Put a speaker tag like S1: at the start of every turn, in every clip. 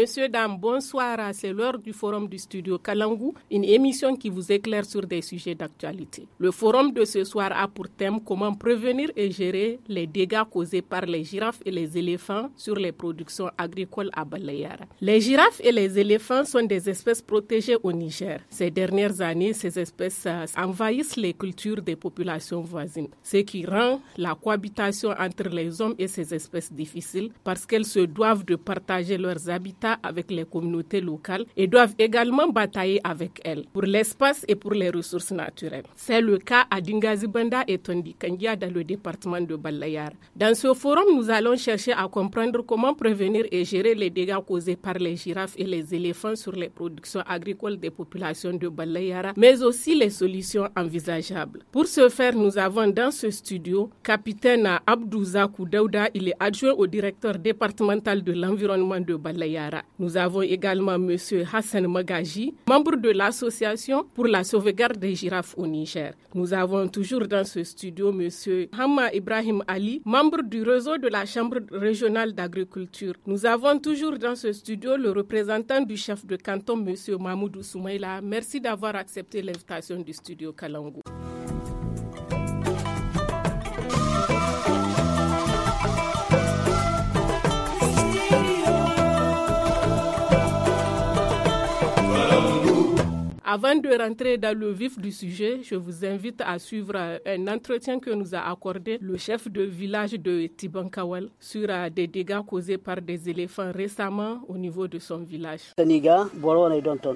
S1: Monsieur, dame, bonsoir. C'est l'heure du forum du studio Kalangu, une émission qui vous éclaire sur des sujets d'actualité. Le forum de ce soir a pour thème comment prévenir et gérer les dégâts causés par les girafes et les éléphants sur les productions agricoles à Balayara. Les girafes et les éléphants sont des espèces protégées au Niger. Ces dernières années, ces espèces euh, envahissent les cultures des populations voisines, ce qui rend la cohabitation entre les hommes et ces espèces difficile parce qu'elles se doivent de partager leurs habitats avec les communautés locales et doivent également batailler avec elles pour l'espace et pour les ressources naturelles. C'est le cas à Dingazibanda et Tondikangia dans le département de Balayara. Dans ce forum, nous allons chercher à comprendre comment prévenir et gérer les dégâts causés par les girafes et les éléphants sur les productions agricoles des populations de Balayara, mais aussi les solutions envisageables. Pour ce faire, nous avons dans ce studio capitaine Abdouza Koudauda, il est adjoint au directeur départemental de l'environnement de Balayara. Nous avons également M. Hassan Magaji, membre de l'Association pour la sauvegarde des girafes au Niger. Nous avons toujours dans ce studio M. Hamma Ibrahim Ali, membre du réseau de la Chambre régionale d'agriculture. Nous avons toujours dans ce studio le représentant du chef de canton, M. Mahmoud Soumaïla. Merci d'avoir accepté l'invitation du studio Kalangou. Avant de rentrer dans le vif du sujet, je vous invite à suivre euh, un entretien que nous a accordé le chef de village de Tibankawal sur euh, des dégâts causés par des éléphants récemment au niveau de son village.
S2: Je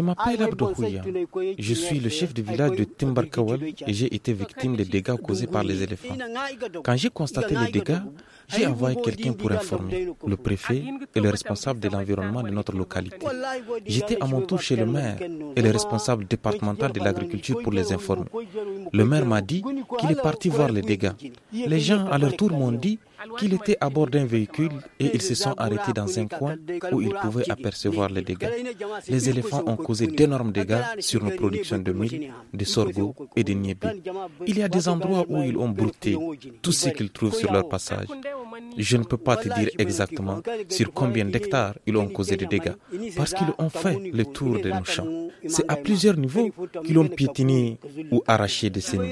S3: m'appelle Abdoukouya. Je suis le chef de village de Timbarkawal et j'ai été victime des dégâts causés par les éléphants.
S2: Quand j'ai constaté les dégâts,
S3: j'ai envoyé quelqu'un pour informer le préfet et le responsable de l'environnement de notre localité.
S4: J'étais à mon tour chez
S3: le maire et le responsable départemental de l'agriculture pour les informer. Le maire m'a dit qu'il est parti voir les dégâts. Les gens, à leur tour, m'ont dit qu'il était à bord d'un véhicule et ils se sont arrêtés dans un coin où ils pouvaient apercevoir les dégâts. Les éléphants ont causé d'énormes dégâts sur nos productions de mil, de sorgho et de niébé. Il y a des endroits où ils ont brouté tout ce qu'ils trouvent sur leur passage. Je ne peux pas te dire exactement sur combien d'hectares ils ont causé des dégâts, parce qu'ils ont fait le tour de nos champs. C'est à plusieurs niveaux qu'ils ont piétiné ou arraché des semis.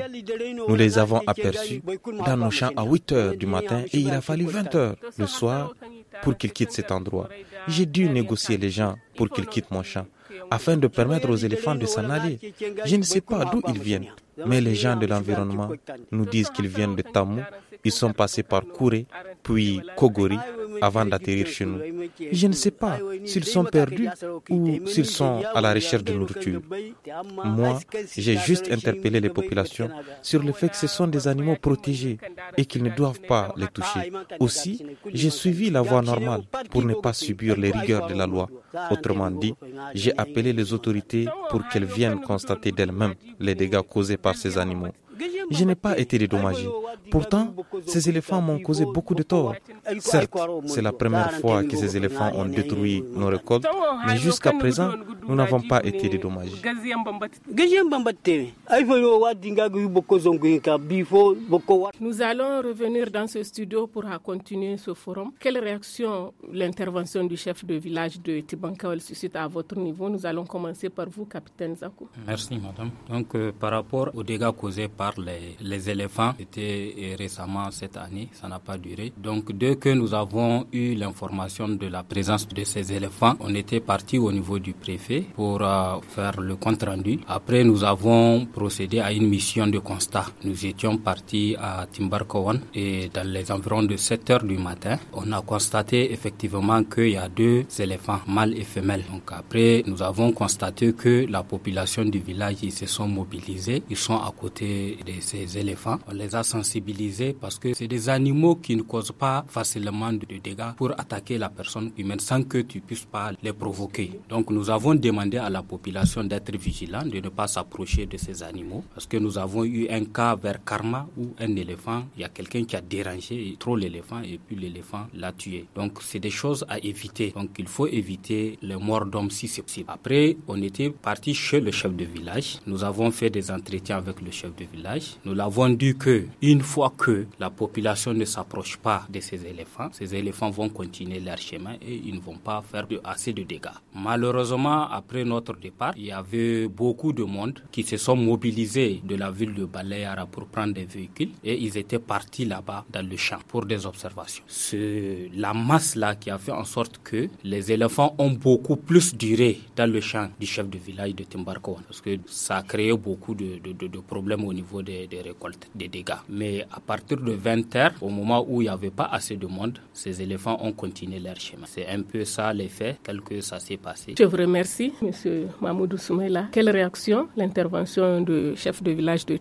S3: Nous les avons aperçus dans nos champs à 8 heures du matin et il a fallu 20 heures le soir pour qu'ils quittent cet endroit. J'ai dû négocier les gens pour qu'ils quittent mon champ afin de permettre aux éléphants de s'en aller. Je ne sais pas d'où ils viennent, mais les gens de l'environnement nous disent qu'ils viennent de Tamou ils sont passés par Kouré, puis Kogori, avant d'atterrir chez nous. Je ne sais pas s'ils sont perdus ou s'ils sont à la recherche de nourriture. Moi, j'ai juste interpellé les populations sur le fait que ce sont des animaux protégés et qu'ils ne doivent pas les toucher. Aussi, j'ai suivi la voie normale pour ne pas subir les rigueurs de la loi. Autrement dit, j'ai appelé les autorités pour qu'elles viennent constater d'elles-mêmes les dégâts causés par ces animaux. Je n'ai pas été dédommagé. Pourtant, ces éléphants m'ont causé beaucoup de tort. Certes, c'est la première fois que ces éléphants ont détruit nos récoltes, mais jusqu'à présent, nous n'avons pas été dédommagés.
S1: Nous allons revenir dans ce studio pour continuer ce forum. Quelle réaction l'intervention du chef de village de Tibankawel suscite à votre niveau Nous allons commencer par vous, capitaine Zakou.
S4: Merci, madame. Donc, euh, par rapport aux dégâts causés par les, éléphants. C'était euh, récemment cette année, ça n'a pas duré. Donc dès que nous avons eu l'information de la présence de ces éléphants, on était parti au niveau du préfet pour euh, faire le compte rendu. Après, nous avons procédé à une mission de constat. Nous étions partis à Timbarkowan et dans les environs de 7 heures du matin, on a constaté effectivement qu'il y a deux éléphants, mâles et femelles. Donc après, nous avons constaté que la population du village, ils se sont mobilisés, ils sont à côté de ces éléphants. On les a sensibilisés parce que c'est des animaux qui ne causent pas facilement de dégâts pour attaquer la personne humaine sans que tu puisses pas les provoquer. Donc nous avons demandé à la population d'être vigilante, de ne pas s'approcher de ces animaux parce que nous avons eu un cas vers Karma où un éléphant, il y a quelqu'un qui a dérangé trop l'éléphant et puis l'éléphant l'a tué. Donc c'est des choses à éviter. Donc il faut éviter les morts d'hommes si c'est possible. Après, on était parti chez le chef de village. Nous avons fait des entretiens avec le chef de village nous l'avons dit que une fois que la population ne s'approche pas de ces éléphants, ces éléphants vont continuer leur chemin et ils ne vont pas faire de, assez de dégâts. Malheureusement, après notre départ, il y avait beaucoup de monde qui se sont mobilisés de la ville de Balayara pour prendre des véhicules et ils étaient partis là-bas dans le champ pour des observations. C'est la masse là qui a fait en sorte que les éléphants ont beaucoup plus duré dans le champ du chef de village de Timbarko parce que ça a créé beaucoup de problèmes au niveau des, récoltes, des dégâts. Mais à partir de 20 h au moment où il n'y avait pas assez de monde, ces éléphants ont continué leur chemin. C'est un peu ça l'effet tel que ça s'est passé. Je vous
S1: remercie, Monsieur Mamadou Soumela. Quelle réaction l'intervention du chef de village de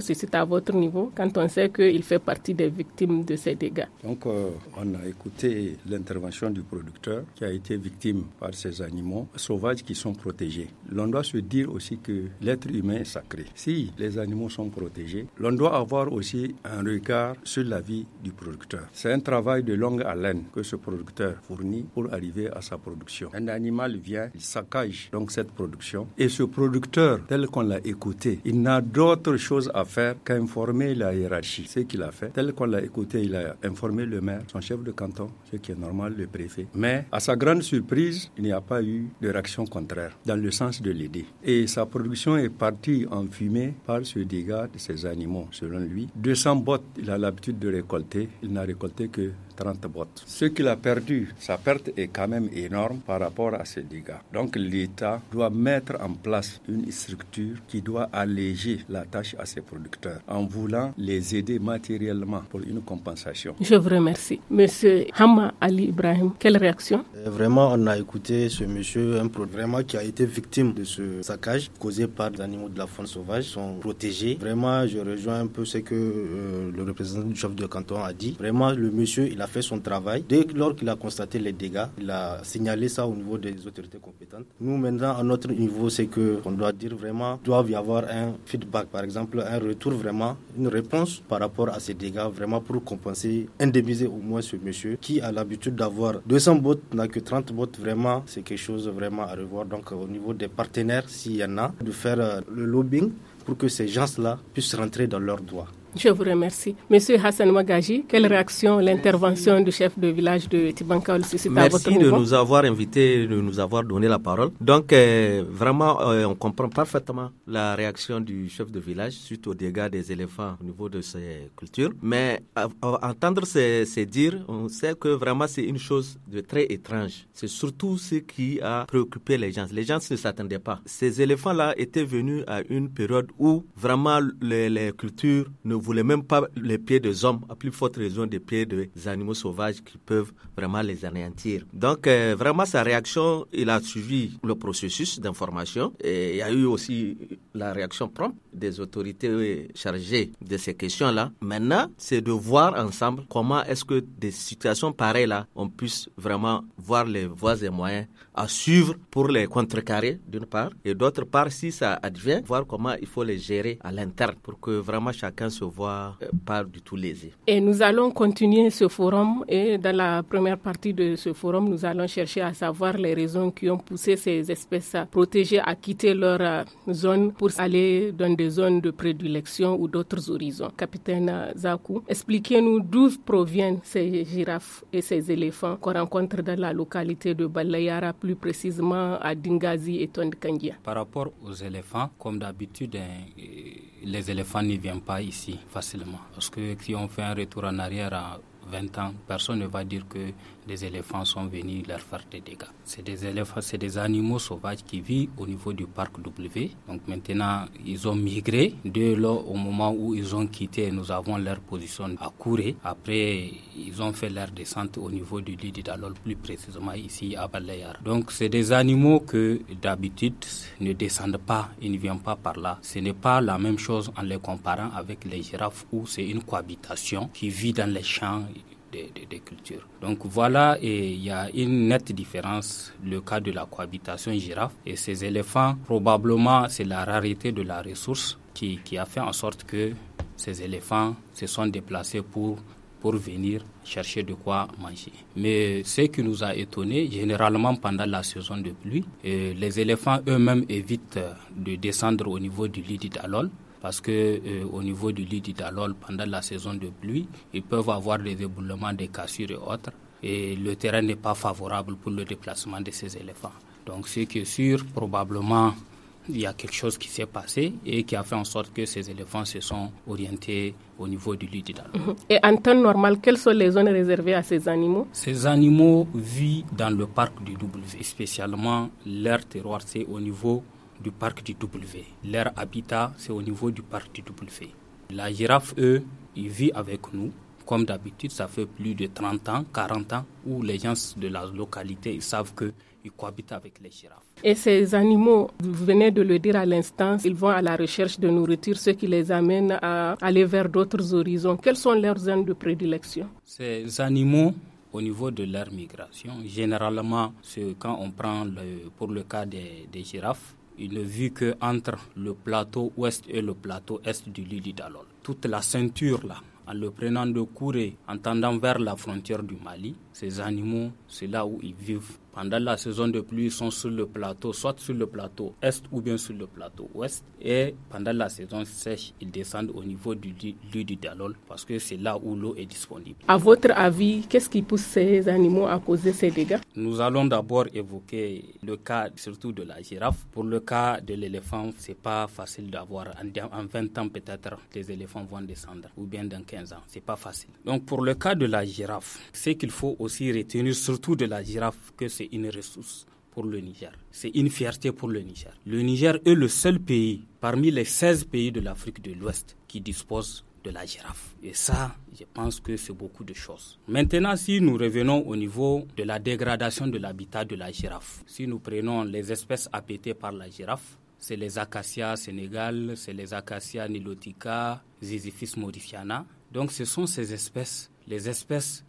S1: si c'est à votre niveau, quand on sait qu'il fait partie des victimes de ces dégâts
S5: Donc, euh, on a écouté l'intervention du producteur qui a été victime par ces animaux sauvages qui sont protégés. L'on doit se dire aussi que l'être humain est sacré. Si les animaux sont protégés, l'on doit avoir aussi un regard sur la vie du producteur. C'est un travail de longue haleine que ce producteur fournit pour arriver à sa production. Un animal vient, il saccage donc cette production et ce producteur, tel qu'on l'a écouté, il n'a d'autre chose à faire qu'informer la hiérarchie. Ce qu'il a fait, tel qu'on l'a écouté, il a informé le maire, son chef de canton, ce qui est normal, le préfet. Mais à sa grande surprise, il n'y a pas eu de réaction contraire dans le sens de l'aider. Et sa production est partie en fumée par ce dégât de ces animaux, selon lui. 200 bottes, il a l'habitude de récolter. Il n'a récolté que 30 bottes. Ce qu'il a perdu, sa perte est quand même énorme par rapport à ses dégâts. Donc l'État doit mettre en place une structure qui doit alléger la tâche à ses producteurs en voulant les aider matériellement pour une compensation. Je
S1: vous remercie. Monsieur Hamma Ali Ibrahim, quelle réaction
S2: euh, Vraiment, on a écouté ce monsieur, un vraiment qui a été victime de ce saccage causé par des animaux de la faune sauvage, sont protégés. Vraiment, je rejoins un peu ce que euh, le représentant du chef de canton a dit. Vraiment, le monsieur, il a a fait son travail. Dès lors qu'il a constaté les dégâts, il a signalé ça au niveau des autorités compétentes. Nous, maintenant, à notre niveau, c'est qu'on doit dire vraiment, doit y avoir un feedback, par exemple, un retour vraiment, une réponse par rapport à ces dégâts, vraiment pour compenser, indemniser au moins ce monsieur qui a l'habitude d'avoir 200 bottes, n'a que 30 bottes. Vraiment, c'est quelque chose vraiment à revoir. Donc, au niveau des partenaires, s'il y en a, de faire euh, le lobbying pour que ces gens-là puissent rentrer dans leurs droits.
S1: Je vous remercie. Monsieur Hassan Magaji, quelle réaction l'intervention du chef de village de Tibanka Merci de nous
S6: avoir invités, de nous avoir donné la parole. Donc, euh, vraiment, euh, on comprend parfaitement la réaction du chef de village suite aux dégâts des éléphants au niveau de ces cultures. Mais euh, entendre ces, dires, on sait que vraiment c'est une chose de très étrange. C'est surtout ce qui a préoccupé les gens. Les gens ne s'attendaient pas. Ces éléphants-là étaient venus à une période où vraiment les, les cultures ne voulait même pas les pieds des hommes, à plus forte raison des pieds des animaux sauvages qui peuvent vraiment les anéantir. Donc euh, vraiment sa réaction, il a suivi le processus d'information et il y a eu aussi la réaction prompte des autorités chargées de ces questions-là. Maintenant, c'est de voir ensemble comment est-ce que des situations pareilles là, on puisse vraiment voir les voies et moyens à suivre pour les contrecarrer d'une part et d'autre part si ça advient, voir comment il faut les gérer à l'interne pour que vraiment chacun se voir euh, pas du tout lésé.
S1: Et nous allons continuer ce forum et dans la première partie de ce forum, nous allons chercher à savoir les raisons qui ont poussé ces espèces à protéger à quitter leur euh, zone pour aller dans des zones de prédilection ou d'autres horizons. Capitaine Zaku, expliquez-nous d'où proviennent ces girafes et ces éléphants qu'on rencontre dans la localité de Balayara, plus précisément à Dingazi et Tondikangia.
S4: Par rapport aux éléphants, comme d'habitude, hein, euh, les éléphants ne viennent pas ici facilement. Parce que ont fait un retour en arrière, 20 ans, personne ne va dire que des éléphants sont venus leur faire des dégâts. C'est des éléphants, c'est des animaux sauvages qui vivent au niveau du parc W. Donc maintenant, ils ont migré. De là, au moment où ils ont quitté, nous avons leur position à courir. Après, ils ont fait leur descente au niveau du lit d'Alol, plus précisément ici à Balayar. Donc c'est des animaux que d'habitude ne descendent pas, ils ne viennent pas par là. Ce n'est pas la même chose en les comparant avec les girafes où c'est une cohabitation qui vit dans les champs des, cultures. Donc voilà, il y a une nette différence, le cas de la cohabitation girafe et ces éléphants, probablement c'est la rareté de la ressource qui, a fait en sorte que ces éléphants se sont déplacés pour, pour venir chercher de quoi manger. Mais ce qui nous a étonné, généralement pendant la saison de pluie, les éléphants eux-mêmes évitent de descendre au niveau du lit d'Idalol parce que euh, au niveau du lit d'Alol, pendant la saison de pluie, ils peuvent avoir des éboulements, des cassures et autres. Et le terrain n'est pas favorable pour le déplacement de ces éléphants. Donc, c'est qui est sûr, probablement, il y a quelque chose qui s'est passé et qui a fait en sorte que ces éléphants se sont orientés au niveau du lit d'Idalol.
S1: Mhm. Et en temps normal, quelles sont les zones réservées à ces animaux
S4: Ces animaux vivent dans le parc du W, spécialement leur terroir, c'est au niveau du parc du W. Leur habitat, c'est au niveau du parc du W. La girafe, eux, ils vivent avec nous. Comme d'habitude, ça fait plus de 30 ans, 40 ans, où les gens de la localité ils savent que cohabitent avec les girafes.
S1: Et ces animaux, vous venez de le dire à l'instant, ils vont à la recherche de nourriture, ce qui les amène à aller vers d'autres horizons. Quelles sont leurs zones de prédilection
S4: Ces animaux, au niveau de leur migration, généralement, quand on prend pour le cas des girafes, il ne vu que entre le plateau ouest et le plateau est du Lili toute la ceinture là, en le prenant de courir en tendant vers la frontière du Mali, ces animaux, c'est là où ils vivent pendant la saison de pluie sont sur le plateau, soit sur le plateau est ou bien sur le plateau ouest. Et pendant la saison sèche, ils descendent au niveau du lieu du Dalol parce que c'est là où l'eau est disponible.
S1: À votre avis, qu'est-ce qui pousse ces animaux à causer ces dégâts
S4: Nous allons d'abord évoquer le cas surtout de la girafe. Pour le cas de l'éléphant, c'est pas facile d'avoir. En 20 ans peut-être, les éléphants vont descendre ou bien dans 15 ans. C'est pas facile. Donc pour le cas de la girafe, c'est qu'il faut aussi retenir surtout de la girafe que c'est une ressource pour le Niger. C'est une fierté pour le Niger. Le Niger est le seul pays parmi les 16 pays de l'Afrique de l'Ouest qui dispose de la girafe. Et ça, je pense que c'est beaucoup de choses. Maintenant, si nous revenons au niveau de la dégradation de l'habitat de la girafe, si nous prenons les espèces appétées par la girafe, c'est les acacias sénégal, c'est les acacias nilotica, zizifis modifiana. Donc ce sont ces espèces, les espèces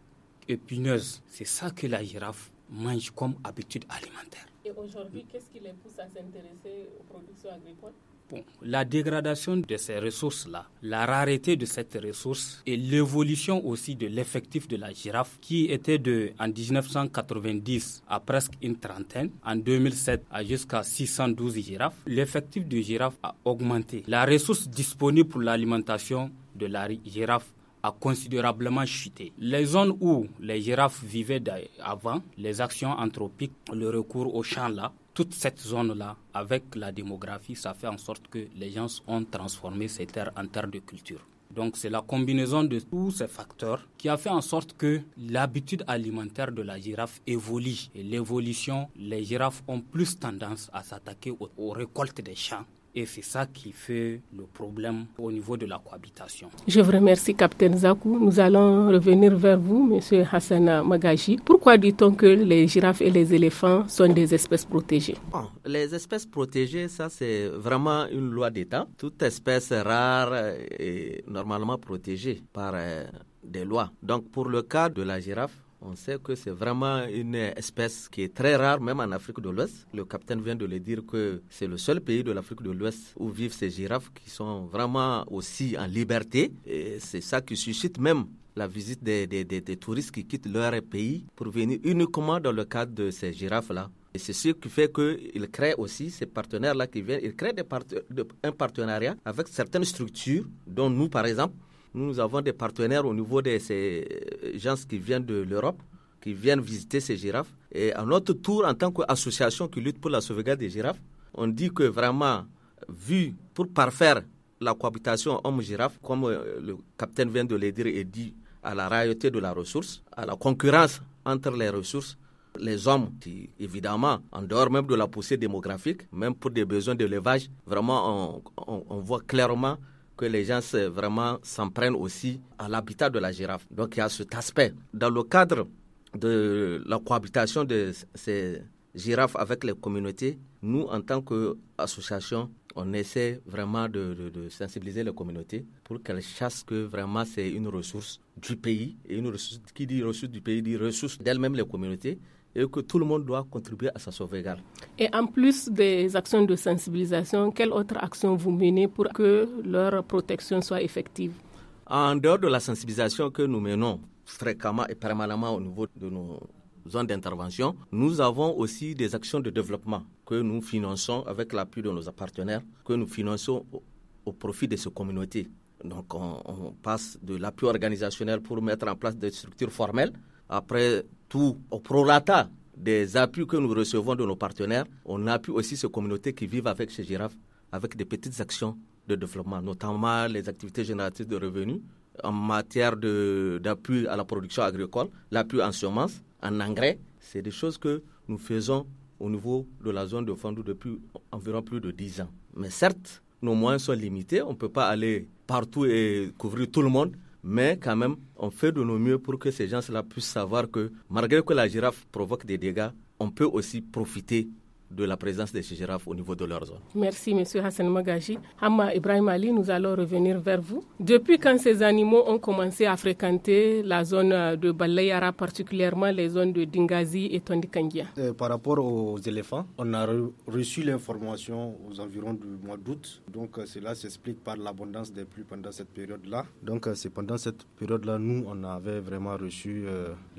S4: épineuses. C'est ça que la girafe mangent comme habitude alimentaire.
S1: Et aujourd'hui, qu'est-ce qui les pousse à s'intéresser aux productions agricoles
S4: la dégradation de ces ressources-là, la rareté de cette ressource et l'évolution aussi de l'effectif de la girafe qui était de en 1990 à presque une trentaine, en 2007 à jusqu'à 612 girafes, l'effectif de girafe a augmenté. La ressource disponible pour l'alimentation de la girafe a considérablement chuté. Les zones où les girafes vivaient avant, les actions anthropiques, le recours aux champs là, toute cette zone-là, avec la démographie, ça fait en sorte que les gens ont transformé ces terres en terres de culture. Donc c'est la combinaison de tous ces facteurs qui a fait en sorte que l'habitude alimentaire de la girafe évolue. Et l'évolution, les girafes ont plus tendance à s'attaquer aux, aux récoltes des champs et c'est ça qui fait le problème au niveau de la cohabitation. Je vous remercie,
S1: Capitaine Zakou. Nous allons revenir vers vous, Monsieur Hassan Magaji. Pourquoi dit-on que les girafes et les éléphants sont des espèces protégées
S6: Les espèces protégées, ça c'est vraiment une loi d'État. Toute espèce rare est normalement protégée par euh, des lois. Donc pour le cas de la girafe, on sait que c'est vraiment une espèce qui est très rare, même en Afrique de l'Ouest. Le capitaine vient de le dire que c'est le seul pays de l'Afrique de l'Ouest où vivent ces girafes qui sont vraiment aussi en liberté. Et c'est ça qui suscite même la visite des, touristes qui quittent leur pays pour venir uniquement dans le cadre de ces girafes-là. Et c'est ce qui fait qu'ils créent aussi ces partenaires-là qui viennent, ils créent un partenariat avec certaines structures, dont nous, par exemple, nous avons des partenaires au niveau de ces euh, gens qui viennent de l'Europe, qui viennent visiter ces girafes. Et à notre tour, en tant qu'association qui lutte pour la sauvegarde des girafes, on dit que vraiment, vu pour parfaire la cohabitation homme-girafe, comme euh, le capitaine vient de le dire et dit, à la rareté de la ressource, à la concurrence entre les ressources, les hommes qui, évidemment, en dehors même de la poussée démographique, même pour des besoins d'élevage, vraiment, on, voit clairement que les gens vraiment s'en prennent aussi à l'habitat de la girafe. Donc il y a cet aspect. Dans le cadre de la cohabitation de ces girafes avec les communautés, nous, en tant qu'association, on essaie vraiment de, sensibiliser les communautés pour qu'elles chassent que vraiment c'est une ressource du pays. Et une ressource, qui dit ressource du pays dit ressource d'elles-mêmes les communautés et que tout le monde doit contribuer à sa sauvegarde.
S1: Et en plus des actions de sensibilisation, quelles autres actions vous menez pour que leur protection soit effective
S6: En dehors de la sensibilisation que nous menons fréquemment et permanemment au niveau de nos zones d'intervention, nous avons aussi des actions de développement que nous finançons avec l'appui de nos partenaires, que nous finançons au profit de ces communautés. Donc on, on passe de l'appui organisationnel pour mettre en place des structures formelles après tout, au prolata des appuis que nous recevons de nos partenaires, on appuie aussi ces communautés qui vivent avec ces girafes avec des petites actions de développement, notamment les activités génératrices de revenus en matière d'appui à la production agricole, l'appui en semences, en engrais. C'est des choses que nous faisons au niveau de la zone de Fondou depuis environ plus de 10 ans. Mais certes, nos moyens sont limités, on ne peut pas aller partout et couvrir tout le monde, mais quand même, on fait de nos mieux pour que ces gens-là puissent savoir que malgré que la girafe provoque des dégâts, on peut aussi profiter de la présence de ces girafes au niveau de leur zone.
S1: Merci, M. Hassan Magaji. Hamma Ibrahim Ali, nous allons revenir vers vous. Depuis quand ces animaux ont commencé à fréquenter la zone de Balayara, particulièrement les zones de Dingazi et Tondikangia
S2: euh, Par rapport aux éléphants, on a reçu l'information aux environs du mois d'août. Donc, euh, cela s'explique par l'abondance des pluies pendant cette période-là. Donc, euh, c'est pendant cette période-là, nous, on avait vraiment reçu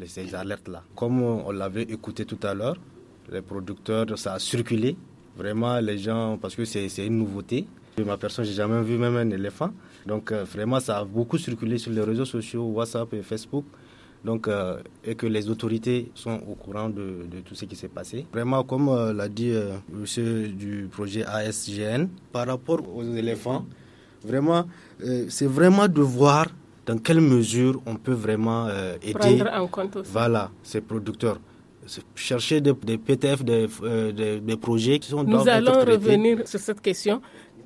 S2: ces alertes-là. Comme on l'avait écouté tout à l'heure, les producteurs, ça a circulé. Vraiment, les gens, parce que c'est une nouveauté. ma personne, j'ai jamais vu même un éléphant. Donc, euh, vraiment, ça a beaucoup circulé sur les réseaux sociaux, WhatsApp et Facebook. Donc, euh, et que les autorités sont au courant de, tout ce qui s'est passé. Vraiment, comme euh, l'a dit monsieur du projet ASGN, par rapport aux éléphants, vraiment, c'est vraiment de voir dans quelle mesure on peut vraiment aider en
S1: compte Voilà,
S2: ces producteurs chercher des, des PTF, euh, des, projets qui sont Nous allons revenir
S1: sur cette question.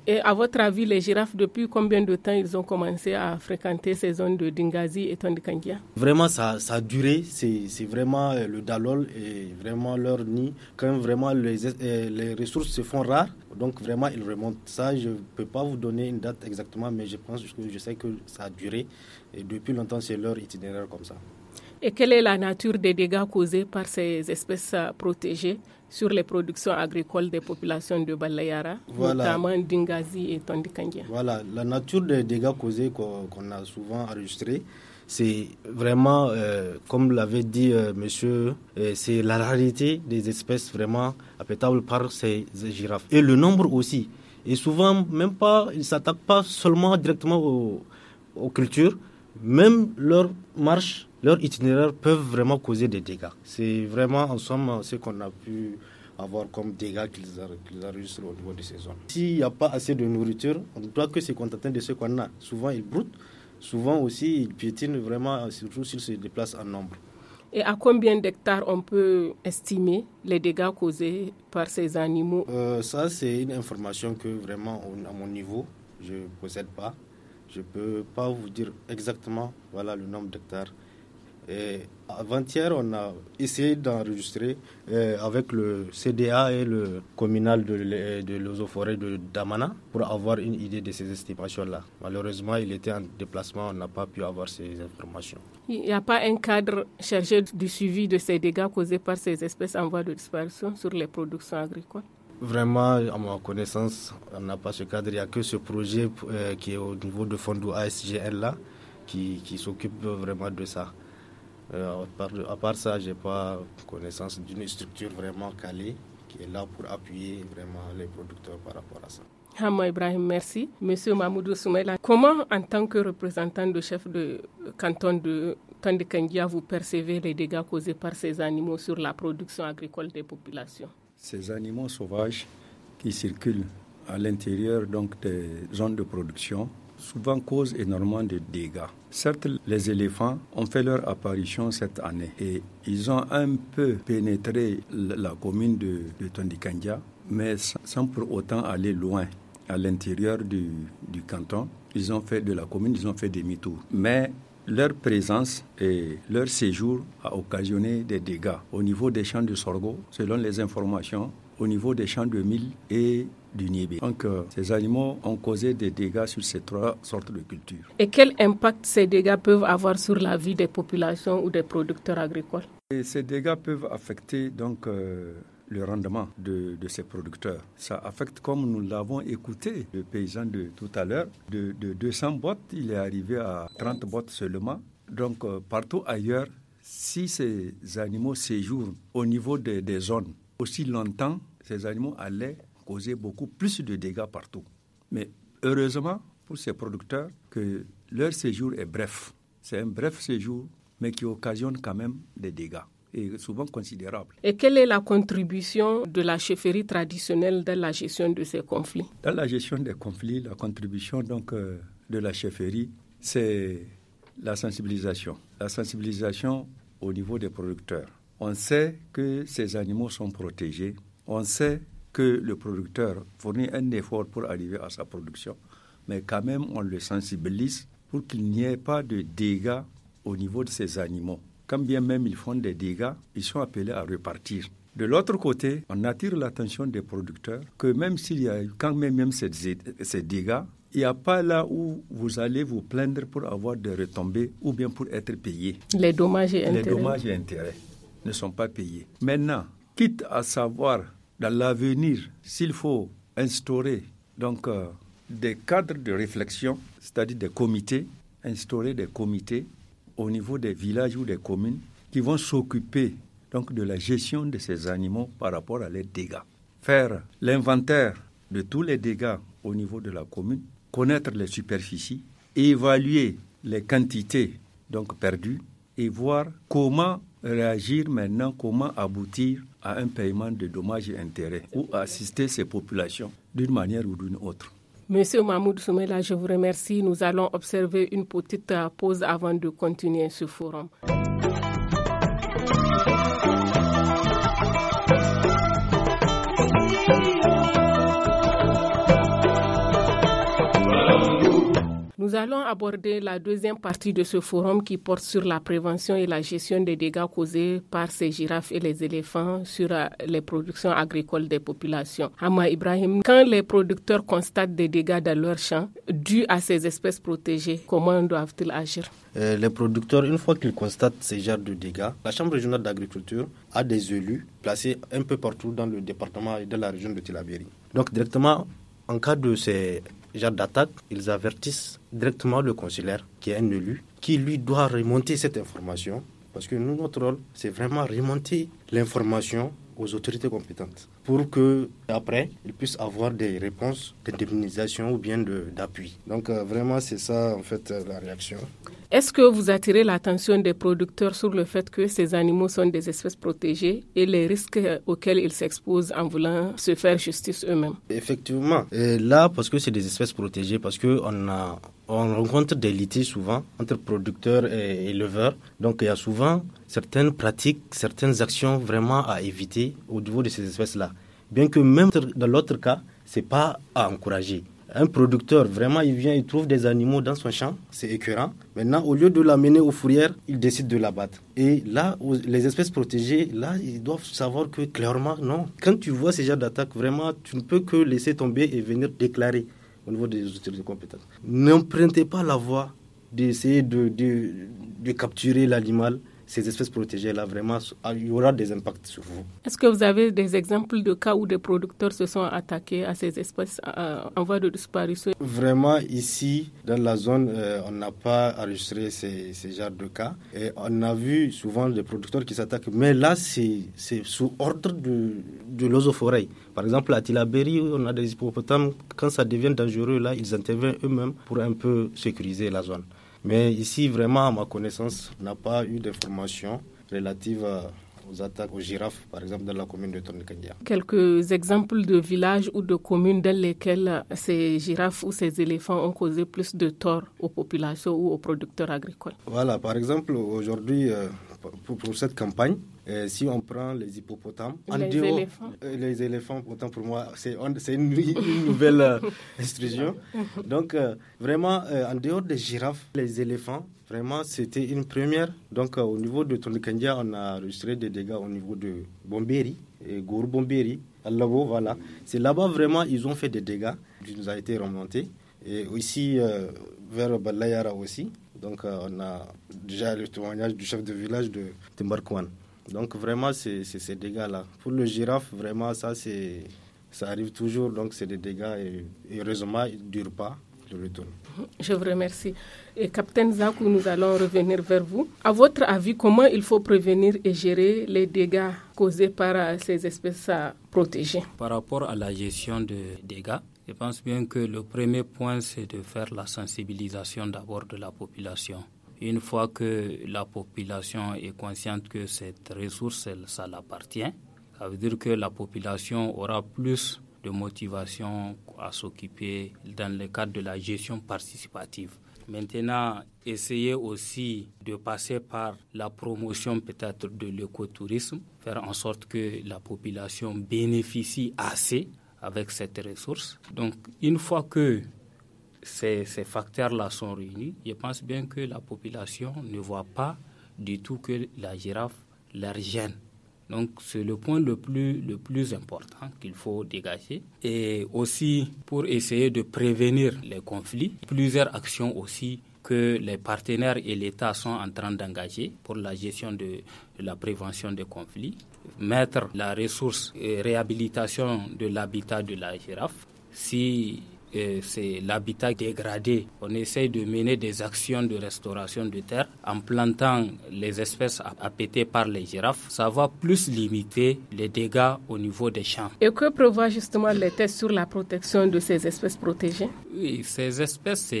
S1: Et à votre avis, les girafes, depuis combien de temps ils ont commencé à fréquenter ces zones de Dingazi et Tondikangia
S2: Vraiment, ça, ça a duré. C'est vraiment euh, le dalol et vraiment leur nid. Quand vraiment les, euh, les ressources se font rares, donc vraiment ils remontent. Ça, je ne peux pas vous donner une date exactement, mais je pense que je sais que ça a duré. Et depuis longtemps, c'est leur itinéraire comme ça
S1: et quelle est la nature des dégâts causés par ces espèces protégées sur les productions agricoles des populations de Balayara, notamment d'Ingazi et Tondikangia. Voilà, la nature
S2: des dégâts causés qu'on a souvent enregistrés, c'est vraiment, euh, comme l'avait dit euh, monsieur, euh, c'est la rarité des espèces vraiment appétables par ces, girafes. Et le nombre aussi. Et souvent, même pas, ils ne s'attaquent pas seulement directement aux cultures, même leur marche leurs itinéraires peuvent vraiment causer des dégâts. C'est vraiment, en somme, ce qu'on a pu avoir comme dégâts qu'ils enregistrent au niveau de ces S'il n'y a pas assez de nourriture, on ne doit que se contenter de ce qu'on a. Souvent, ils broutent, souvent aussi, ils piétinent vraiment, surtout s'ils se déplacent en nombre.
S1: Et à combien d'hectares on peut estimer les dégâts causés par ces animaux euh,
S2: Ça, c'est une information que vraiment, à mon niveau, je ne possède pas. Je ne peux pas vous dire exactement voilà, le nombre d'hectares et Avant-hier, on a essayé d'enregistrer euh, avec le CDA et le communal de, de forêt de Damana pour avoir une idée de ces estimations-là. Malheureusement, il était en déplacement, on n'a pas pu avoir ces informations.
S1: Il n'y a pas un cadre chargé du suivi de ces dégâts causés par ces espèces en voie de disparition sur les productions agricoles
S2: Vraiment, à ma connaissance, on n'a pas ce cadre. Il n'y a que ce projet euh, qui est au niveau de du ASGL là qui s'occupe vraiment de ça. Euh, à part ça, je n'ai pas connaissance d'une structure vraiment calée qui est là pour appuyer vraiment les producteurs par rapport à ça.
S1: Hamou ah, Ibrahim, merci. Monsieur Mahmoudou Soumela, comment en tant que représentant de chef de canton de Tandikangia, vous percevez les dégâts causés par ces animaux sur la production agricole des populations
S5: Ces animaux sauvages qui circulent à l'intérieur donc des zones de production souvent causent énormément de dégâts. Certes, les éléphants ont fait leur apparition cette année et ils ont un peu pénétré la commune de, de mais sans pour autant aller loin à l'intérieur du, canton. Ils ont fait de la commune, ils ont fait demi-tour. Mais leur présence et leur séjour a occasionné des dégâts au niveau des champs de sorgho, selon les informations, au niveau des champs de mil et du niébé. Donc, euh, ces animaux ont causé des dégâts sur ces trois sortes de cultures.
S1: Et quel impact ces dégâts peuvent avoir sur la vie des populations ou des producteurs agricoles
S5: Et Ces dégâts peuvent affecter donc euh, le rendement de, ces producteurs. Ça affecte, comme nous l'avons écouté, le paysan de tout à l'heure, de, 200 bottes, il est arrivé à 30 bottes seulement. Donc, euh, partout ailleurs, si ces animaux séjournent au niveau des, des zones aussi longtemps, ces animaux allaient causer beaucoup plus de dégâts partout. Mais heureusement pour ces producteurs que leur séjour est bref. C'est un bref séjour, mais qui occasionne quand même des dégâts et souvent considérables.
S1: Et quelle est la contribution de la chefferie traditionnelle dans la gestion de ces
S5: conflits Dans la gestion des conflits, la contribution donc euh, de la chefferie, c'est la sensibilisation. La sensibilisation au niveau des producteurs. On sait que ces animaux sont protégés. On sait que le producteur fournit un effort pour arriver à sa production, mais quand même on le sensibilise pour qu'il n'y ait pas de dégâts au niveau de ces animaux. Quand bien même ils font des dégâts, ils sont appelés à repartir. De l'autre côté, on attire l'attention des producteurs que même s'il y a quand même, même ces, dégâts, il n'y a pas là où vous allez vous plaindre pour avoir des retombées ou bien pour être payé.
S1: Les dommages et intérêts. Les dommages
S5: et intérêts ne sont pas payés. Maintenant, quitte à savoir dans l'avenir, s'il faut instaurer donc euh, des cadres de réflexion, c'est-à-dire des comités, instaurer des comités au niveau des villages ou des communes qui vont s'occuper donc de la gestion de ces animaux par rapport à les dégâts. Faire l'inventaire de tous les dégâts au niveau de la commune, connaître les superficies, évaluer les quantités donc perdues et voir comment réagir maintenant comment aboutir à un paiement de dommages et intérêts ou assister ces populations d'une manière ou d'une autre.
S1: Monsieur Mahmoud Soumela, je vous remercie. Nous allons observer une petite euh, pause avant de continuer ce forum. Nous allons aborder la deuxième partie de ce forum qui porte sur la prévention et la gestion des dégâts causés par ces girafes et les éléphants sur euh, les productions agricoles des populations. Hama Ibrahim, quand les producteurs constatent des dégâts dans leurs champs dus à ces espèces protégées, comment doivent-ils agir
S2: euh, Les producteurs, une fois qu'ils constatent ces genres de dégâts, la Chambre régionale d'agriculture a des élus placés un peu partout dans le département et dans la région de Tilabéry. Donc directement, en cas de ces genre d'attaque, ils avertissent directement le consulaire, qui est un élu, qui lui doit remonter cette information. Parce que nous, notre rôle, c'est vraiment remonter l'information aux autorités compétentes pour que après, ils puissent avoir des réponses de d'indemnisation ou bien d'appui. Donc euh, vraiment, c'est ça en fait euh, la réaction.
S1: Est-ce que vous attirez l'attention des producteurs sur le fait que ces animaux sont des espèces protégées et les risques euh, auxquels ils s'exposent en voulant se faire justice eux-mêmes
S2: Effectivement. Et là, parce que c'est des espèces protégées, parce qu'on a on rencontre des litiges souvent entre producteurs et éleveurs. Donc il y a souvent certaines pratiques, certaines actions vraiment à éviter au niveau de ces espèces-là. Bien que même dans l'autre cas, ce n'est pas à encourager. Un producteur, vraiment, il vient, il trouve des animaux dans son champ, c'est écœurant. Maintenant, au lieu de l'amener aux fourrières, il décide de l'abattre. Et là, les espèces protégées, là, ils doivent savoir que clairement, non. Quand tu vois ces genre d'attaque, vraiment, tu ne peux que laisser tomber et venir déclarer au niveau des autorités compétentes. N'empruntez pas la voie d'essayer de, de capturer l'animal ces espèces protégées-là, vraiment, ah, il y aura des impacts sur vous.
S1: Est-ce que vous avez des exemples de cas où des producteurs se sont attaqués à ces espèces euh, en voie de disparition
S2: Vraiment, ici, dans la zone, euh, on n'a pas enregistré ces, ces genres de cas. Et on a vu souvent des producteurs qui s'attaquent, mais là, c'est sous ordre de, de Par exemple, à Tilaberi, on a des hippopotames, quand ça devient dangereux, là, ils interviennent eux-mêmes pour un peu sécuriser la zone. Mais ici, vraiment, à ma connaissance, on n'a pas eu d'informations relatives aux attaques aux girafes, par exemple, dans la commune de Tonnekandia.
S1: Quelques exemples de villages ou de communes dans lesquelles ces girafes ou ces éléphants ont causé plus de tort aux populations ou aux producteurs agricoles.
S2: Voilà, par exemple, aujourd'hui, euh, pour cette campagne, euh, si on prend les hippopotames, les, en éléphants. Euh, les éléphants, pourtant pour moi, c'est une, une, nouvelle euh, instruction. Donc, euh, vraiment, en dehors des girafes, les éléphants, vraiment, c'était une première. Donc, au niveau de Tondikandia, on a enregistré des dégâts au niveau de Bombéry, et Gour à Labo, voilà. C'est là-bas, vraiment, ils ont fait des dégâts qui nous a été remonté. Et aussi, vers Balayara aussi. Donc, on a déjà le témoignage du chef de village de Timbarkouane. Donc vraiment, c'est ces dégâts-là. Pour le girafe, vraiment, ça, ça arrive toujours. Donc c'est des dégâts et, heureusement, ils ne durent pas. Je
S1: Je vous remercie. Et Capitaine Zakou, nous allons revenir vers vous. À votre avis, comment il faut prévenir et gérer les dégâts causés par euh, ces espèces à euh, protéger
S4: Par rapport à la gestion des dégâts, je pense bien que le premier point, c'est de faire la sensibilisation d'abord de la population. Une fois que la population est consciente que cette ressource, elle, ça l'appartient, ça veut dire que la population aura plus de motivation à s'occuper dans le cadre de la gestion participative. Maintenant, essayer aussi de passer par la promotion peut-être de l'écotourisme, faire en sorte que la population bénéficie assez avec cette ressource. Donc, une fois que ces, facteurs-là sont réunis, je pense bien que la population ne voit pas du tout que la girafe leur gêne. Donc c'est le point le plus, le plus important qu'il faut dégager. Et aussi pour essayer de prévenir les conflits, plusieurs actions aussi que les partenaires et l'État sont en train d'engager pour la gestion de, la prévention des conflits, mettre la ressource et réhabilitation de l'habitat de la girafe. Si c'est l'habitat dégradé. On essaie de mener des actions de restauration de terre en plantant les espèces appétées par les girafes. Ça va plus limiter les dégâts au niveau des champs.
S1: Et que prévoit justement les tests sur la protection de ces espèces protégées
S4: Oui, ces espèces,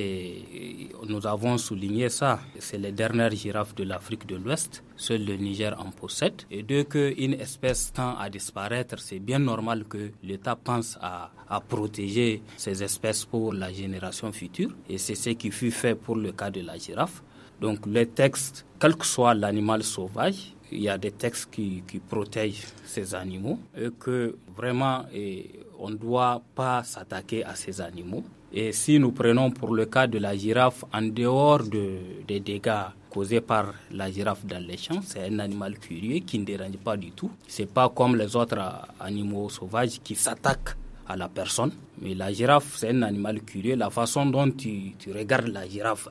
S4: nous avons souligné ça. C'est les dernières girafes de l'Afrique de l'Ouest. Seul le Niger en possède. Et dès qu'une espèce tend à disparaître, c'est bien normal que l'État pense à, à, protéger ces espèces pour la génération future. Et c'est ce qui fut fait pour le cas de la girafe. Donc les textes, quel que soit l'animal sauvage, il y a des textes qui, qui protègent ces animaux et que vraiment eh, on ne doit pas s'attaquer à ces animaux. Et si nous prenons pour le cas de la girafe, en dehors de, des dégâts causés par la girafe dans les champs. C'est un animal curieux qui ne dérange pas du tout. C'est pas comme les autres animaux sauvages qui s'attaquent à la personne. Mais la girafe, c'est un animal curieux. La façon dont tu, tu regardes la girafe,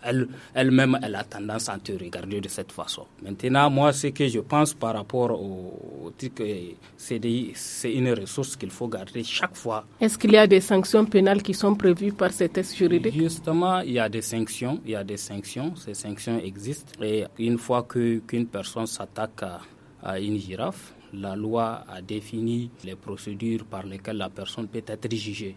S4: elle-même, elle, a tendance à te regarder de cette façon. Maintenant, moi, ce que je pense par rapport au titre euh, CDI, c'est une ressource qu'il faut garder chaque fois.
S1: Est-ce qu'il y a des sanctions pénales qui sont prévues par ces textes
S4: juridiques Justement, il y a des sanctions. Il y a des sanctions. Ces sanctions existent. Et une fois qu'une personne s'attaque à une girafe, la loi a défini les procédures par lesquelles la personne peut être jugée.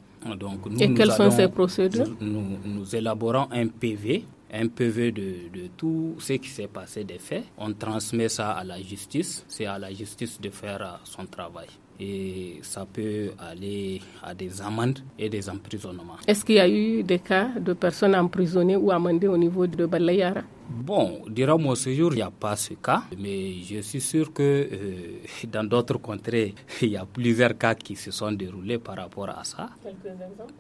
S4: Et quelles sont ces procédures nous, élaborons un PV un PV de, de, tout ce qui s'est passé des faits. On transmet ça à la justice. C'est à la justice de faire son travail et ça peut aller à des amendes et des emprisonnements.
S1: Est-ce qu'il y a eu des cas de personnes emprisonnées ou amendées au niveau de Balayara
S4: Bon, durant mon séjour, il n'y a pas ce cas, mais je suis sûr que euh, dans d'autres contrées, il y a plusieurs cas qui se sont déroulés par rapport à ça.
S1: Quelques exemples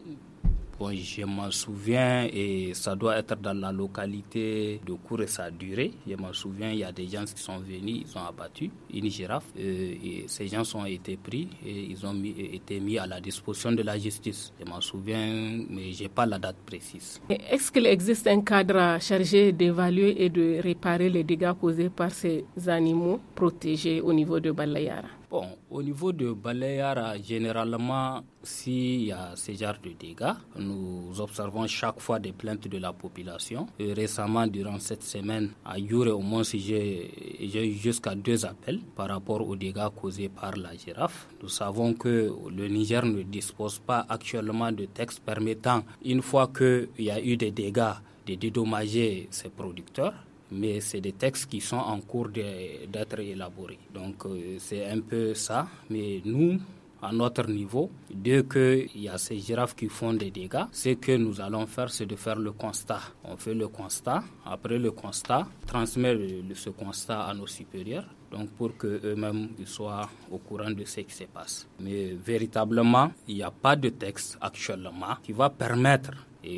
S4: je m'en souviens et ça doit être dans la localité de cours et ça a duré. Je m'en souviens, il y a des gens qui sont venus, ils ont abattu une girafe. Euh, et ces gens ont été pris et ils ont été mis à la disposition de la justice. Je m'en souviens, mais je n'ai pas la date précise.
S1: Est-ce qu'il existe un cadre chargé d'évaluer et de réparer les dégâts causés par ces animaux protégés au niveau de Balayara
S4: Bon, au niveau de Baleara, généralement, s'il y a ce genre de dégâts, nous observons chaque fois des plaintes de la population. Euh, récemment, durant cette semaine, à Yure, au moins, j'ai eu jusqu'à deux appels par rapport aux dégâts causés par la girafe. Nous savons que le Niger ne dispose pas actuellement de textes permettant, une fois qu'il y a eu des dégâts, de dédommager ses producteurs mais c'est des textes qui sont en cours d'être élaborés. Donc euh, c'est un peu ça, mais nous, à notre niveau, dès qu'il y a ces girafes qui font des dégâts, ce que nous allons faire, c'est de faire le constat. On fait le constat, après le constat, transmet ce constat à nos supérieurs, donc pour qu'eux-mêmes soient au courant de ce qui se passe. Mais véritablement, il n'y a pas de texte actuellement qui va permettre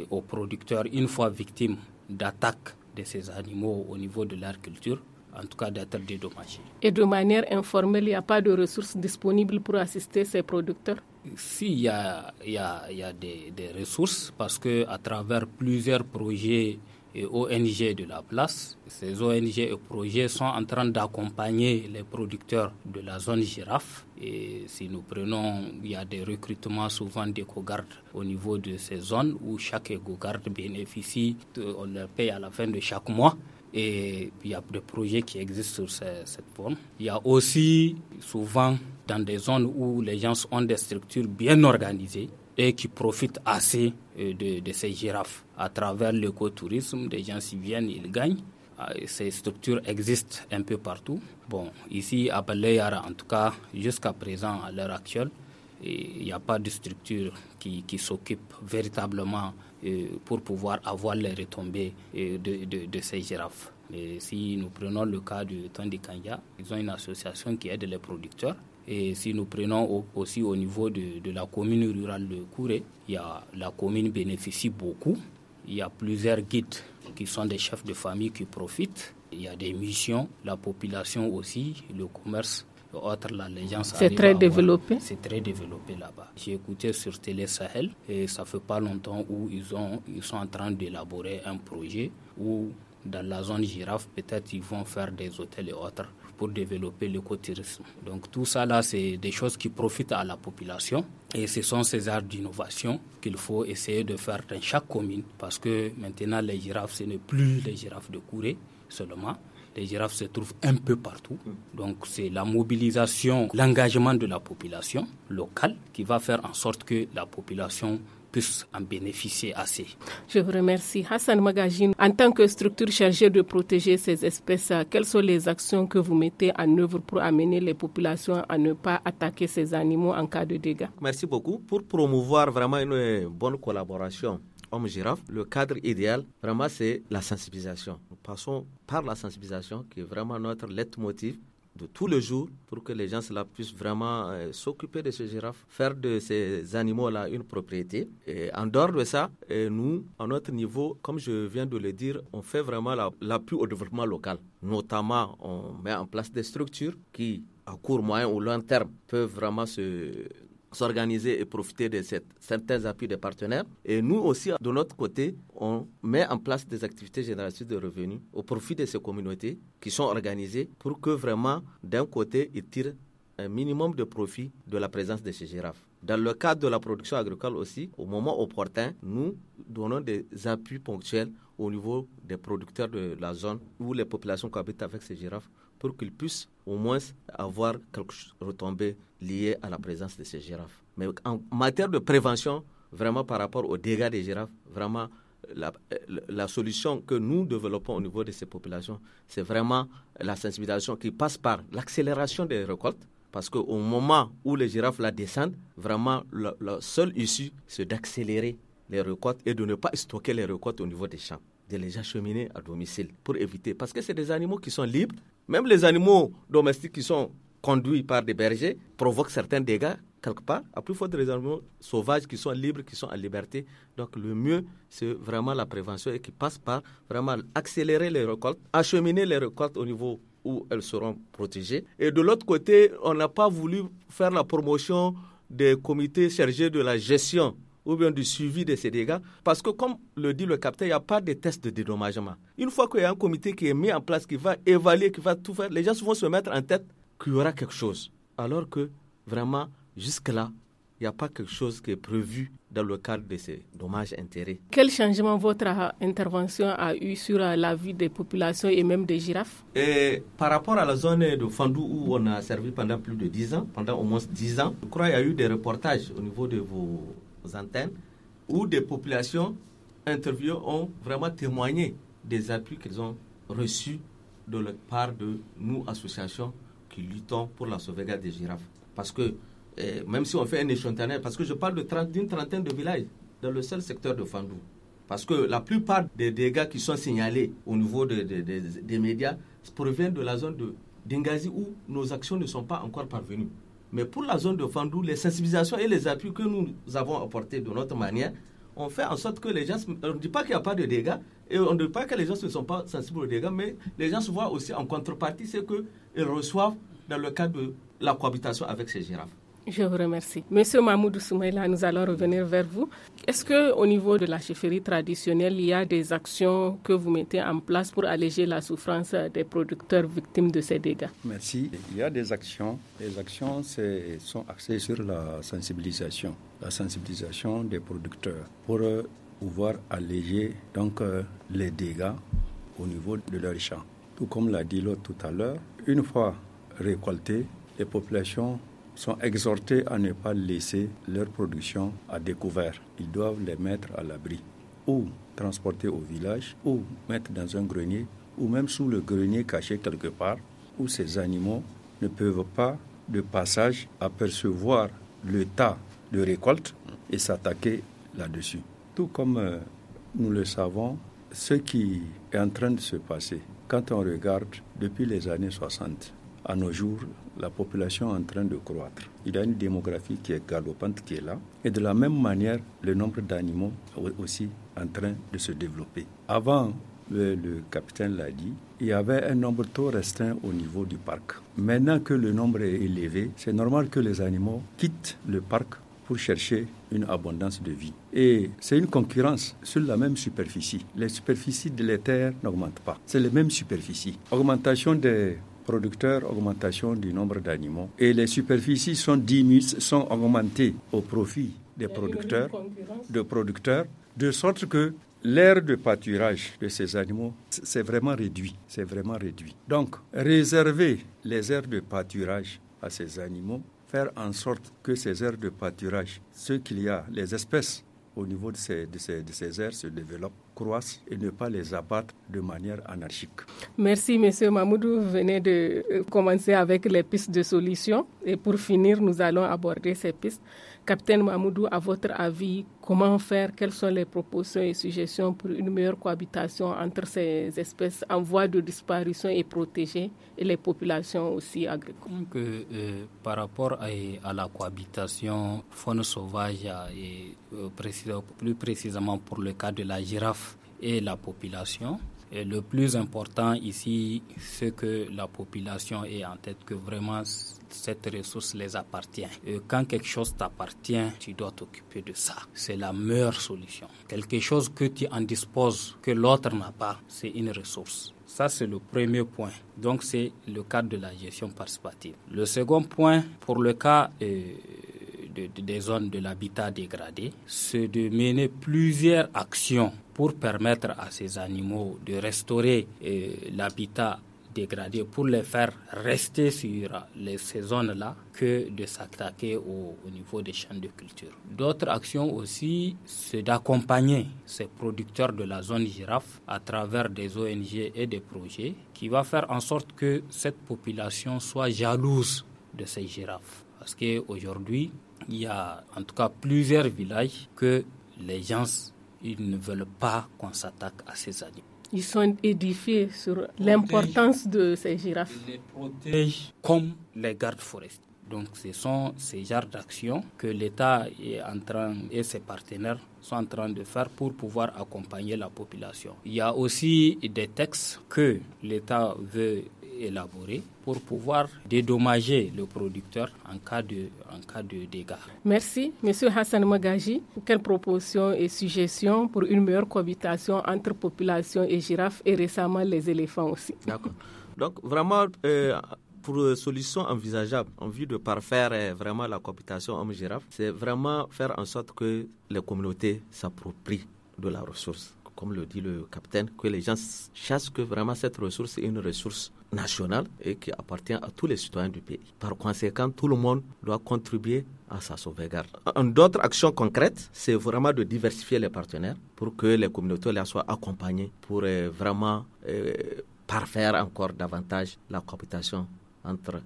S4: aux producteurs, une fois victimes d'attaques de ces animaux au niveau de leur culture, en tout cas d'être dédommagés.
S1: Et de manière informelle, il n'y a pas de ressources disponibles pour assister ces producteurs S'il y a, y a, y a des, des,
S4: ressources parce qu'à travers plusieurs projets et ONG de la place. Ces ONG et projets sont en train d'accompagner les producteurs de la zone girafe. Et si nous prenons, il y a des recrutements souvent d'éco-gardes au niveau de ces zones où chaque éco-garde bénéficie, on leur paye à la fin de chaque mois. Et il y a des projets qui existent sur cette forme. Il y a aussi souvent dans des zones où les gens ont des structures bien organisées, et qui profitent assez euh, de, ces girafes. À travers l'écotourisme, des gens s'y viennent, ils gagnent. Ah, ces structures existent un peu partout. Bon, ici à Baleyara, en tout cas, jusqu'à présent, à l'heure actuelle, il n'y a pas de structure qui, s'occupe véritablement euh, pour pouvoir avoir les retombées euh, de, ces girafes. Mais si nous prenons le cas du temps ils ont une association qui aide les producteurs et si nous prenons aussi au niveau de, la commune rurale de Kouré, il y a, la commune bénéficie beaucoup. Il y a plusieurs guides qui sont des chefs de famille qui profitent. Il y a des missions, la population aussi, le commerce c'est très développé. C'est très développé là-bas. J'ai écouté sur Télé Sahel et ça fait pas longtemps où ils ont ils sont en train d'élaborer un projet où dans la zone girafe peut-être ils vont faire des hôtels et autres pour développer l'écotourisme. Donc tout ça là, c'est des choses qui profitent à la population. Et ce sont ces arts d'innovation qu'il faut essayer de faire dans chaque commune parce que maintenant les girafes, ce n'est plus les girafes de Couré seulement. Les girafes se trouvent un peu partout. Donc c'est la mobilisation, l'engagement de la population locale qui va faire en sorte que la population puissent en bénéficier assez.
S1: Je vous remercie. Hassan Magajin, en tant que structure chargée de protéger ces espèces, quelles sont les actions que vous mettez en œuvre pour amener les populations à ne pas attaquer ces animaux en cas de dégâts
S6: Merci beaucoup. Pour promouvoir vraiment une bonne collaboration homme girafe, le cadre idéal, vraiment, c'est la sensibilisation. Nous passons par la sensibilisation, qui est vraiment notre leitmotiv de tous les jours pour que les gens cela puissent vraiment euh, s'occuper de ces girafes, faire de ces animaux-là une propriété. Et en dehors de ça, euh, nous, à notre niveau, comme je viens de le dire, on fait vraiment l'appui la au développement local. Notamment, on met en place des structures qui, à court, moyen ou long terme, peuvent vraiment se s'organiser et profiter de cette, certains appuis des partenaires. Et nous aussi, de notre côté, on met en place des activités génératives de revenus au profit de ces communautés qui sont organisées pour que vraiment, d'un côté, ils tirent un minimum de profit de la présence de ces girafes. Dans le cadre de la production agricole aussi, au moment opportun, nous donnons des appuis ponctuels au niveau des producteurs de la zone où les populations habitent avec ces girafes pour qu'ils puissent au moins avoir quelque retombé lié à la présence de ces girafes. Mais en matière de prévention, vraiment par rapport aux dégâts des girafes, vraiment euh, euh, la, solution que nous développons au niveau de ces populations, c'est vraiment la sensibilisation qui passe par l'accélération des récoltes, parce qu'au moment où les girafes la descendent, vraiment la, seule issue, c'est d'accélérer les récoltes et de ne pas stocker les récoltes au niveau des champs de les acheminer à domicile pour éviter. Parce que c'est des animaux qui sont libres. Même les animaux domestiques qui sont conduits par des bergers provoquent certains dégâts quelque part, à plus forte des animaux sauvages qui sont libres, qui sont en liberté. Donc le mieux, c'est vraiment la prévention et qui passe par vraiment accélérer les récoltes, acheminer les récoltes au niveau où elles seront protégées. Et de l'autre côté, on n'a pas voulu faire la promotion des comités chargés de la gestion ou bien du suivi de ces dégâts, parce que comme le dit le capitaine, il n'y a pas de test de dédommagement. Une fois qu'il y a un comité qui est mis en place, qui va évaluer, qui va tout faire, les gens vont se mettre en tête qu'il y aura quelque chose. Alors que vraiment, jusque-là, il n'y a pas quelque chose qui est prévu dans le cadre de ces dommages intérêts.
S1: Quel changement votre intervention a eu sur euh, la vie des populations et même des girafes
S6: et Par rapport à la zone de Fandou où on a servi pendant plus de 10 ans, pendant au moins 10 ans, je crois qu'il y a eu des reportages au niveau de vos antennes où des populations interviewées ont vraiment témoigné des appuis qu'elles ont reçus de la part de nous, associations qui luttons pour la sauvegarde des girafes. Parce que, eh, même si on fait un échantillon, parce que je parle d'une trentaine de villages dans le seul secteur de Fandou. Parce que la plupart des dégâts qui sont signalés au niveau des médias proviennent de la zone de Dengazi où nos actions ne sont pas encore parvenues. Mais pour la zone de Fandou, les sensibilisations et les appuis que nous avons apportés de notre manière on fait en sorte que les gens, on ne dit pas qu'il n'y a pas de dégâts, et on ne dit pas que les gens ne sont pas sensibles aux dégâts, mais les gens se voient aussi en contrepartie, ce qu'ils reçoivent dans le cadre de la cohabitation avec ces girafes.
S1: Je vous remercie. Monsieur Mahmoud Soumaïla, nous allons revenir vers vous. Est-ce que au niveau de la chefferie traditionnelle, il y a des actions que vous mettez en place pour alléger la souffrance des producteurs victimes de ces dégâts
S5: Merci. Il y a des actions. Les actions sont axées sur la sensibilisation, la sensibilisation des producteurs pour euh, pouvoir alléger donc euh, les dégâts au niveau de leur champ. Tout comme l'a dit l'autre tout à l'heure, une fois récoltés, les populations sont exhortés à ne pas laisser leur production à découvert. Ils doivent les mettre à l'abri ou transporter au village ou mettre dans un grenier ou même sous le grenier caché quelque part où ces animaux ne peuvent pas de passage apercevoir le tas de récolte et s'attaquer là-dessus. Tout comme euh, nous le savons, ce qui est en train de se passer, quand on regarde depuis les années 60, à nos jours, la population est en train de croître. Il y a une démographie qui est galopante qui est là. Et de la même manière, le nombre d'animaux aussi en train de se développer. Avant, le capitaine l'a dit, il y avait un nombre trop restreint au niveau du parc. Maintenant que le nombre est élevé, c'est normal que les animaux quittent le parc pour chercher une abondance de vie. Et c'est une concurrence sur la même superficie. Les superficies de la terre n'augmentent pas. C'est les mêmes superficies. Augmentation des producteurs, augmentation du nombre d'animaux. Et les superficies sont, sont augmentées au profit des producteurs, de producteurs, de sorte que l'aire de pâturage de ces animaux, c'est vraiment réduit. C'est vraiment réduit. Donc, réserver les aires de pâturage à ces animaux, faire en sorte que ces aires de pâturage, ce qu'il y a, les espèces au niveau de ces, de de ces aires se développent croissent et ne pas les abattre de manière anarchique.
S1: Merci, Monsieur Mamoudou. Vous venez de euh, commencer avec les pistes de solutions. Et pour finir, nous allons aborder ces pistes. Capitaine Mamoudou, à votre avis, comment faire Quelles sont les propositions et suggestions pour une meilleure cohabitation entre ces espèces en voie de disparition et protégées et les populations aussi agricoles
S4: euh, euh, Par rapport à, la cohabitation faune sauvage, et, plus précisément pour le cas de la girafe, et la population. Et le plus important ici, c'est que la population ait en tête que vraiment cette ressource les appartient. Et quand quelque chose t'appartient, tu dois t'occuper de ça. C'est la meilleure solution. Quelque chose que tu en disposes, que l'autre n'a pas, c'est une ressource. Ça, c'est le premier point. Donc, c'est le cadre de la gestion participative. Le second point, pour le cas... Euh, des zones de l'habitat dégradé, c'est de mener plusieurs actions pour permettre à ces animaux de restaurer euh, l'habitat dégradé, pour les faire rester sur les, ces zones-là, que de s'attaquer au, niveau des champs de culture. D'autres actions aussi, c'est d'accompagner ces producteurs de la zone girafe à travers des ONG et des projets qui va faire en sorte que cette population soit jalouse de ces girafes. Parce qu'aujourd'hui, il y a en tout cas plusieurs villages que les gens ils ne veulent pas qu'on s'attaque à ces animaux.
S1: Ils sont édifiés sur l'importance de ces girafes. Ils les
S4: protègent comme les gardes forestiers. Donc ce sont ces genres d'actions que l'État est en train et ses partenaires sont en train de faire pour pouvoir accompagner la population. Il y a aussi des textes que l'État veut élaboré pour pouvoir dédommager le producteur en cas de, en cas de dégâts.
S1: Merci. Monsieur Hassan Magaji, quelles propositions et suggestions pour une meilleure cohabitation entre population et girafes et récemment les éléphants aussi D'accord.
S6: Donc vraiment, euh, pour euh, solution envisageable en vue de parfaire euh, vraiment la cohabitation homme-girafe, c'est vraiment faire en sorte que les communautés s'approprient de la ressource comme le dit le capitaine, que les gens chassent que vraiment cette ressource est une ressource national et qui appartient à tous les citoyens du pays. Par conséquent, tout le monde doit contribuer à sa sauvegarde. Une autre action concrète, c'est vraiment de diversifier les partenaires pour que les communautés les soient accompagnées pour euh, vraiment euh, parfaire encore davantage la coopération entre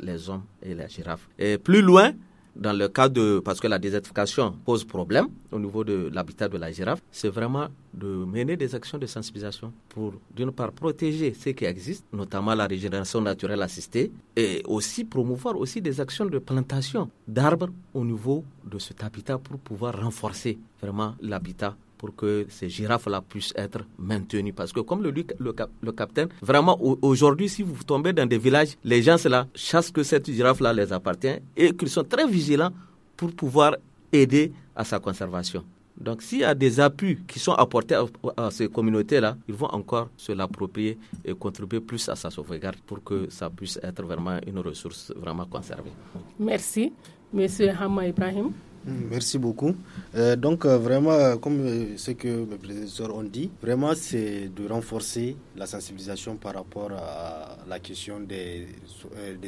S6: les hommes et les girafes. Et plus loin, dans le cas de, parce que la désertification pose problème au niveau de l'habitat de la girafe, c'est vraiment de mener des actions de sensibilisation pour, d'une part, protéger ce qui existe, notamment la régénération naturelle assistée, et aussi promouvoir aussi des actions de plantation d'arbres au niveau de cet habitat pour pouvoir renforcer vraiment l'habitat pour que ces girafes-là puissent être maintenues. Parce que comme le dit le, capitaine, vraiment aujourd'hui, si vous tombez dans des villages, les gens la chassent que cette girafe-là les appartient et qu'ils sont très vigilants pour pouvoir aider à sa conservation. Donc s'il y a des appuis qui sont apportés à, ces communautés-là, ils vont encore se l'approprier et contribuer plus à sa sauvegarde pour que ça puisse être vraiment une ressource vraiment conservée.
S1: Merci, Monsieur Hamma Ibrahim.
S2: Merci beaucoup. Euh, donc euh, vraiment, comme euh, ce que mes prédécesseurs ont dit, vraiment c'est de renforcer la sensibilisation par rapport à la question des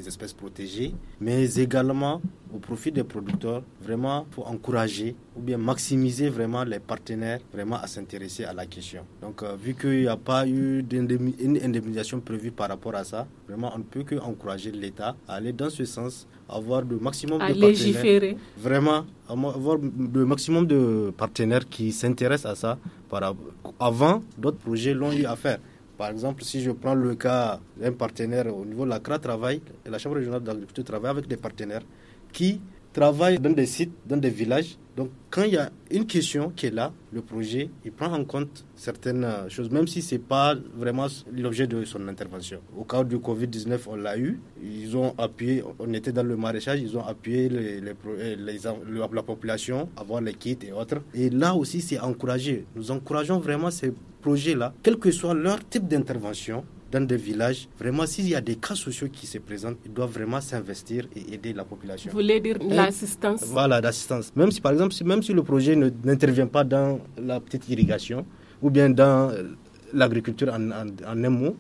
S2: espèces protégées, mais également au profit des producteurs. Vraiment, pour encourager ou bien maximiser vraiment les partenaires vraiment à s'intéresser à la question. Donc, euh, vu qu'il n'y a pas eu d'indemnisation prévue par rapport à ça, vraiment, on ne peut qu'encourager l'État à aller dans ce sens, avoir le maximum de partenaires. Vraiment, avoir le maximum de partenaires qui s'intéressent à ça. Par, avant, d'autres projets l'ont eu à faire. Par exemple, si je prends le cas d'un partenaire au niveau de la CRA Travail, la Chambre régionale d'agriculture travaille avec des partenaires qui travaillent dans des sites, dans des villages. Donc, quand il y a une question qui est là, le projet, il prend en compte certaines euh, choses, même si ce n'est pas vraiment l'objet de son intervention. Au cas du Covid-19, on l'a eu. Ils ont appuyé, on était dans le maraîchage, ils ont appuyé les, les, euh, la population, avoir les kits et autres. Et là aussi, c'est encouragé. Nous encourageons vraiment ces projets-là, quel que soit leur type d'intervention, dans des villages. Vraiment, s'il y a des cas sociaux qui se présentent, ils doivent vraiment s'investir et aider la
S1: population. Vous voulez dire l'assistance Voilà,
S2: l'assistance. Même si, par exemple, même si le projet n'intervient pas dans la petite irrigation ou bien dans euh, l'agriculture en, en, un mot,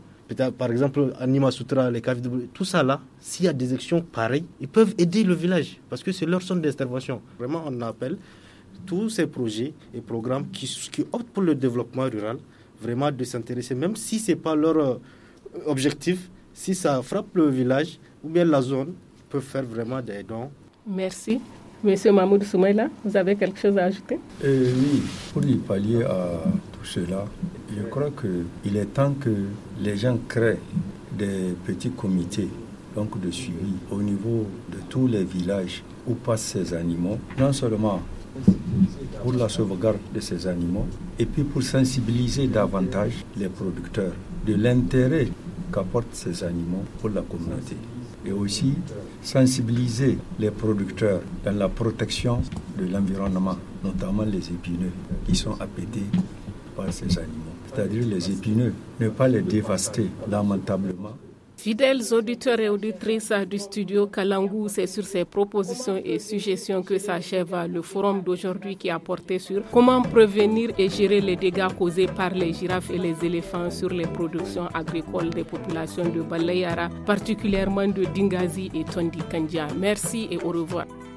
S2: par exemple, Anima Sutra, les KFW, tout ça là, s'il y a des actions pareilles, ils peuvent aider le village parce que c'est leur zone d'intervention. Vraiment, on appelle tous ces projets et programmes qui, qui optent pour le développement rural, vraiment de s'intéresser, même si ce n'est pas leur euh, objectif, si ça frappe le village ou bien la zone, peut faire vraiment des dons.
S1: Merci. Monsieur Mahmoud Soumaïla, vous avez quelque chose à ajouter
S5: eh Oui, pour y pallier à tout cela, je crois qu'il est temps que les gens créent des petits comités donc de suivi au niveau de tous les villages où passent ces animaux, non seulement pour la sauvegarde de ces animaux, et puis pour sensibiliser davantage les producteurs de l'intérêt qu'apportent ces animaux pour la communauté. Et aussi sensibiliser les producteurs dans la protection de l'environnement, notamment les épineux qui sont appétés par ces animaux. C'est-à-dire les épineux, ne pas les dévaster lamentablement
S1: Fidèles auditeurs et auditrices du studio Kalangou, c'est sur ces propositions et suggestions que s'achève le forum d'aujourd'hui qui a porté sur comment prévenir et gérer les dégâts causés par les girafes et les éléphants sur les productions agricoles des populations de Balayara, particulièrement de Dingazi et Kandia. Merci et au revoir.